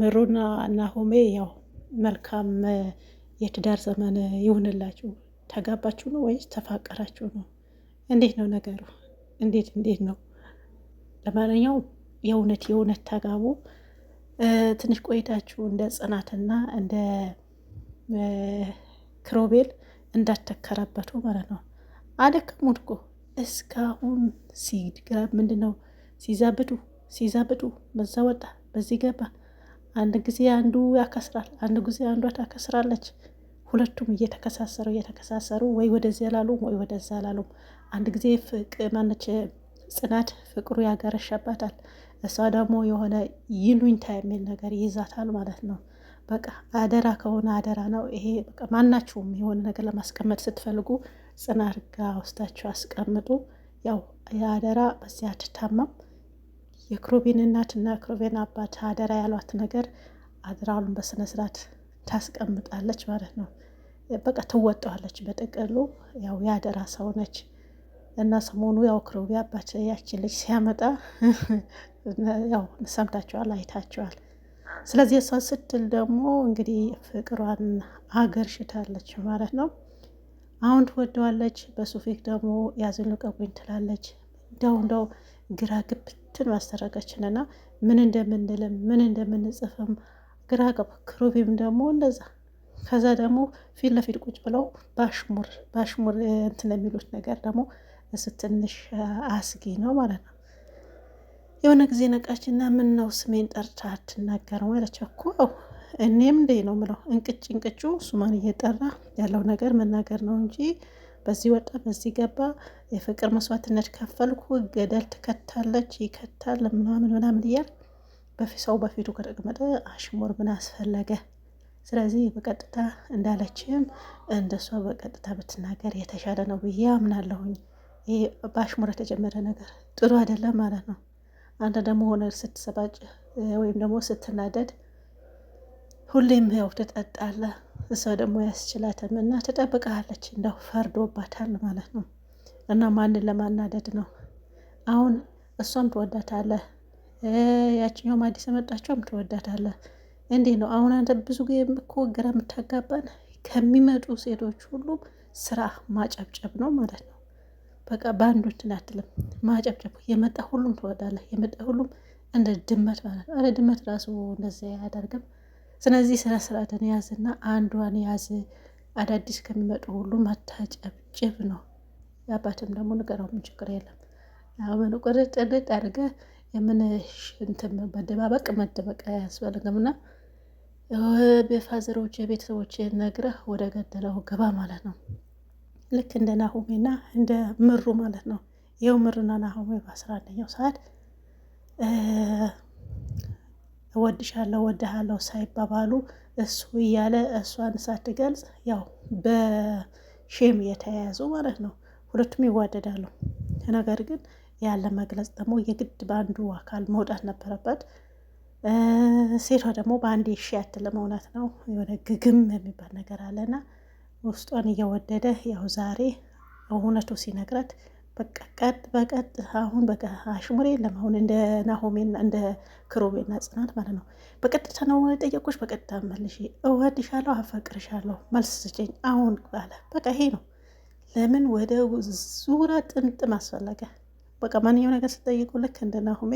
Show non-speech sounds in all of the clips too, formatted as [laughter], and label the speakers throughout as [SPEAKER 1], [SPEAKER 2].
[SPEAKER 1] ምሩና ናሆሜ ያው መልካም የትዳር ዘመን ይሁንላችሁ። ተጋባችሁ ነው ወይስ ተፋቀራችሁ ነው? እንዴት ነው ነገሩ? እንዴት እንዴት ነው? ለማንኛውም የእውነት የእውነት ተጋቡ። ትንሽ ቆይታችሁ እንደ ጽናትና እንደ ክሮቤል እንዳተከረበቱ ማለት ነው። አደከሙት እኮ እስካሁን ሲድግራ ምንድን ነው ሲዛብጡ ሲዛብጡ፣ በዛ ወጣ በዚህ ገባ አንድ ጊዜ አንዱ ያከስራል፣ አንድ ጊዜ አንዷ ታከስራለች። ሁለቱም እየተከሳሰሩ እየተከሳሰሩ ወይ ወደዚህ ላሉም ወይ ወደዛ ላሉ አንድ ጊዜ ፍቅ ማነች ጽናት ፍቅሩ ያገረሸባታል። እሷ ደግሞ የሆነ ይሉኝታ የሚል ነገር ይይዛታል ማለት ነው። በቃ አደራ ከሆነ አደራ ነው ይሄ። በቃ ማናችሁም የሆነ ነገር ለማስቀመጥ ስትፈልጉ ጽናት ጋ ውስጣችሁ አስቀምጡ። ያው የአደራ በዚያ አትታማም። የክሮቤን እናትና ክሮቤን አባት አደራ ያሏት ነገር አደራሉን በስነ ስርዓት ታስቀምጣለች ማለት ነው። በቃ ትወጣዋለች። በጥቅሉ ያው የአደራ ሰው ነች እና ሰሞኑ ያው ክሮቤ አባት ያችን ልጅ ሲያመጣ [laughs] ያው ሰምታችኋል፣ አይታችኋል። ስለዚህ እሷ ስትል ደግሞ እንግዲህ ፍቅሯን አገር ሽታለች ማለት ነው። አሁን ትወደዋለች። በሱፊክ ደግሞ ያዝን ልቀቁኝ ትላለች። እንደው እንደው ግራ ግብትን ማሰረጋችንና ምን እንደምንልም ምን እንደምንጽፍም ግራ ገባ። ደግሞ እንደዛ ከዛ ደግሞ ፊት ለፊት ቁጭ ብለው ባሽሙር በአሽሙር እንትን የሚሉት ነገር ደግሞ እሱ ትንሽ አስጊ ነው ማለት ነው። የሆነ ጊዜ ነቃችና ምን ነው ስሜን ጠርታ አትናገርም አለቻት እኮ እኔም እንዴ ነው ምለው እንቅጭ እንቅጩ ሱማን እየጠራ ያለው ነገር መናገር ነው እንጂ በዚህ ወጣ በዚህ ገባ፣ የፍቅር መስዋዕትነት ከፈልኩ፣ ገደል ትከታለች፣ ይከታል ምናምን ምናምን እያል ሰው በፊቱ ከተቀመጠ አሽሙር ምን አስፈለገ? ስለዚህ በቀጥታ እንዳለችም እንደሷ በቀጥታ ብትናገር የተሻለ ነው ብዬ አምናለሁኝ። በአሽሙር የተጀመረ ነገር ጥሩ አይደለም ማለት ነው። አንተ ደግሞ ሆነ ስትሰባጭ ወይም ደግሞ ስትናደድ ሁሌም ያው ትጠጣለህ እሷ ደግሞ ያስችላትም እና ትጠብቀሃለች። እንደው ፈርዶባታል ማለት ነው። እና ማንን ለማናደድ ነው አሁን? እሷም ትወዳታለ፣ ያችኛው አዲስ የመጣችውም ትወዳታለ። እንዲህ ነው አሁን። አንተ ብዙ ጊዜ እኮ ግራ የምታጋባን ከሚመጡ ሴቶች ሁሉ ስራ ማጨብጨብ ነው ማለት ነው። በቃ በአንዱ እንትን አትልም፣ ማጨብጨብ የመጣ ሁሉም ትወዳለህ፣ የመጣ ሁሉም እንደ ድመት ማለት ነው። ድመት ራሱ እንደዚያ አያደርግም። ስለዚህ ስነ ስርዓትን ያዝና አንዷን ያዝ። አዳዲስ ከሚመጡ ሁሉ መታጨብጭብ ነው። የአባትም ደግሞ ንገረው፣ ምን ችግር የለም። አሁን ቁርጥርጥ አድርገ የምን እንትን መደባበቅ መደበቅ አያስፈልግም። ና በፋዘሮች የቤተሰቦች ነግረህ ወደ ገደለው ገባ ማለት ነው። ልክ እንደ ና እንደ ምሩ ማለት ነው። ይኸው ምሩና ናሆሜ በአስራ አንደኛው ሰዓት እወድሻለሁ እወድሃለሁ ሳይባባሉ እሱ እያለ እሷን ሳትገልጽ ያው በሼም የተያያዙ ማለት ነው። ሁለቱም ይዋደዳሉ። ነገር ግን ያለ መግለጽ ደግሞ የግድ በአንዱ አካል መውጣት ነበረበት። ሴቷ ደግሞ በአንድ ሺ አትልም። እውነት ነው። የሆነ ግግም የሚባል ነገር አለና ውስጧን እየወደደ ያው ዛሬ እውነቱ ሲነግራት በቃ ቀጥ በቀጥ አሁን በቃ አሽሙሬ የለም። እንደ ናሆሜና እንደ ክሮቤና ጽናት ማለት ነው። በቀጥታ ነው ጠየቆች፣ በቀጥታ መልሽ። እወድሻለሁ፣ አፈቅርሻለሁ፣ መልስ ስጭኝ አሁን አለ። በቃ ይሄ ነው። ለምን ወደ ዙራ ጥምጥም አስፈለገ? በቃ ማንኛው ነገር ስጠይቁ ልክ እንደ ናሆሜ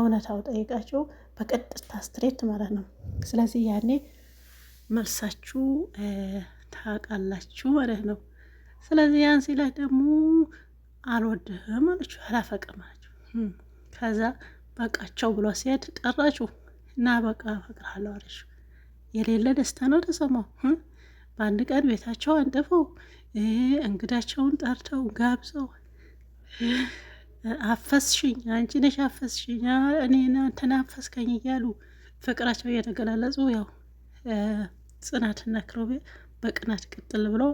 [SPEAKER 1] እውነታው ጠይቃቸው፣ በቀጥታ ስትሬት ማለት ነው። ስለዚህ ያኔ መልሳችሁ ታውቃላችሁ ማለት ነው። ስለዚህ ያን ደግሞ አልወድህም አለችው። አላፈቅም አለችው። ከዛ በቃቸው ብሎ ሲሄድ ጠራችው እና በቃ እፈቅርሃለሁ አለችው። የሌለ ደስታ ነው ተሰማው። በአንድ ቀን ቤታቸው አንጥፈው እንግዳቸውን ጠርተው ጋብዘው አፈስሽኝ፣ አንቺ ነሽ አፈስሽኝ፣ እኔ እንትን እያሉ ፍቅራቸው እየተገላለጹ ያው ጽናትና ክሮቤ በቅናት ቅጥል ብለው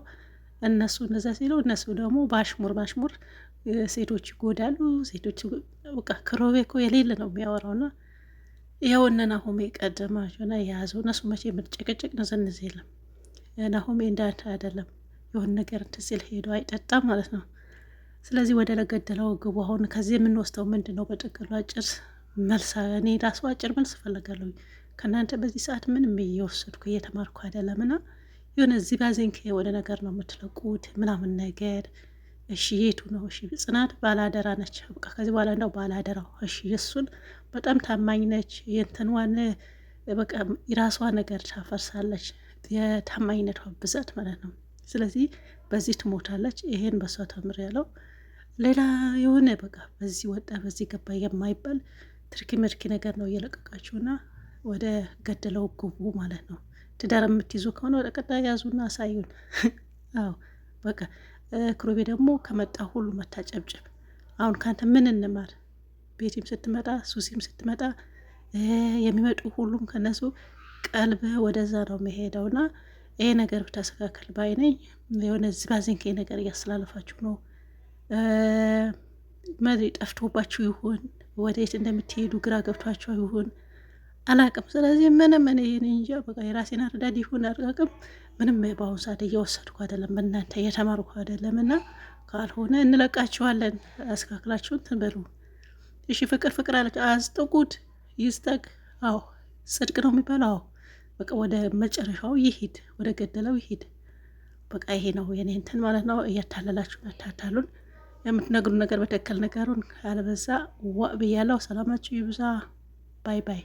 [SPEAKER 1] እነሱ እንደዛ ሲሉ እነሱ ደግሞ በአሽሙር ባሽሙር ሴቶች ይጎዳሉ፣ ሴቶች በቃ ክሮቤ እኮ የሌለ ነው የሚያወራው። ና ያው እነ ናሆሜ ቀደማቸውና የያዘው እነሱ መቼ የምንጨቀጨቅ ነዘንዝ የለም። ናሆሜ እንዳንተ አይደለም፣ የሆን ነገር እንትን ሲል ሄዶ አይጠጣም ማለት ነው። ስለዚህ ወደ ለገደለው ግቡ። አሁን ከዚህ የምንወስደው ምንድን ነው? በጥቅሉ አጭር መልስ። እኔ ራሱ አጭር መልስ እፈልጋለሁ ከእናንተ በዚህ ሰዓት ምንም እየወሰድኩ እየተማርኩ አይደለምና የሆነ እዚህ ባዘንክ ወደ ነገር ነው የምትለቁት ምናምን ነገር። እሺ የቱ ነው? እሺ ጽናት ባላደራ ነች። በቃ ከዚህ በኋላ እንደው ባለአደራው። እሺ እሱን በጣም ታማኝ ነች። የእንትንዋን በቃ የራሷ ነገር ታፈርሳለች። የታማኝነቷ ብዛት ማለት ነው። ስለዚህ በዚህ ትሞታለች። ይሄን በሷ ተምር ያለው ሌላ የሆነ በቃ በዚህ ወጣ በዚህ ገባ የማይባል ትርኪ ምርኪ ነገር ነው እየለቀቃችሁና ወደ ገደለው ግቡ ማለት ነው። ትዳር የምትይዙ ከሆነ ወደ ቀጣይ ያዙና አሳዩን። [laughs] አዎ በቃ ክሩቤ ደግሞ ከመጣ ሁሉ መታጨብጭብ። አሁን ካንተ ምን እንማር? ቤቲም ስትመጣ ሱሲም ስትመጣ የሚመጡ ሁሉም ከነሱ ቀልብ ወደዛ ነው ና ይሄ ነገር ብታስተካከል ባይ ነኝ። የሆነ ዝባዝንኬ ነገር እያስተላለፋችሁ ነው። መሪ ጠፍቶባችሁ ይሁን ወደየት እንደምትሄዱ ግራ ገብቷቸው ይሁን አላቅም። ስለዚህ ምንም እኔ ይህን እንጂ በቃ የራሴን አረዳድ ይሁን አላቅም። ምንም በአሁኑ ሰዓት እየወሰድኩ አይደለም፣ በእናንተ እየተማርኩ አይደለም። እና ካልሆነ እንለቃችኋለን፣ አስካክላችሁ እንትን በሉ እሺ። ፍቅር ፍቅር አለች አስጥጉድ ይስጠቅ። አዎ ጽድቅ ነው የሚባለው። አዎ በቃ ወደ መጨረሻው ይሂድ፣ ወደ ገደለው ይሂድ። በቃ ይሄ ነው የኔ እንትን ማለት ነው። እያታለላችሁ አታታሉን። የምትነግሩ ነገር በትክክል ነገሩን፣ አለበዛ ዋ ብያለው። ሰላማችሁ ይብዛ። ባይ ባይ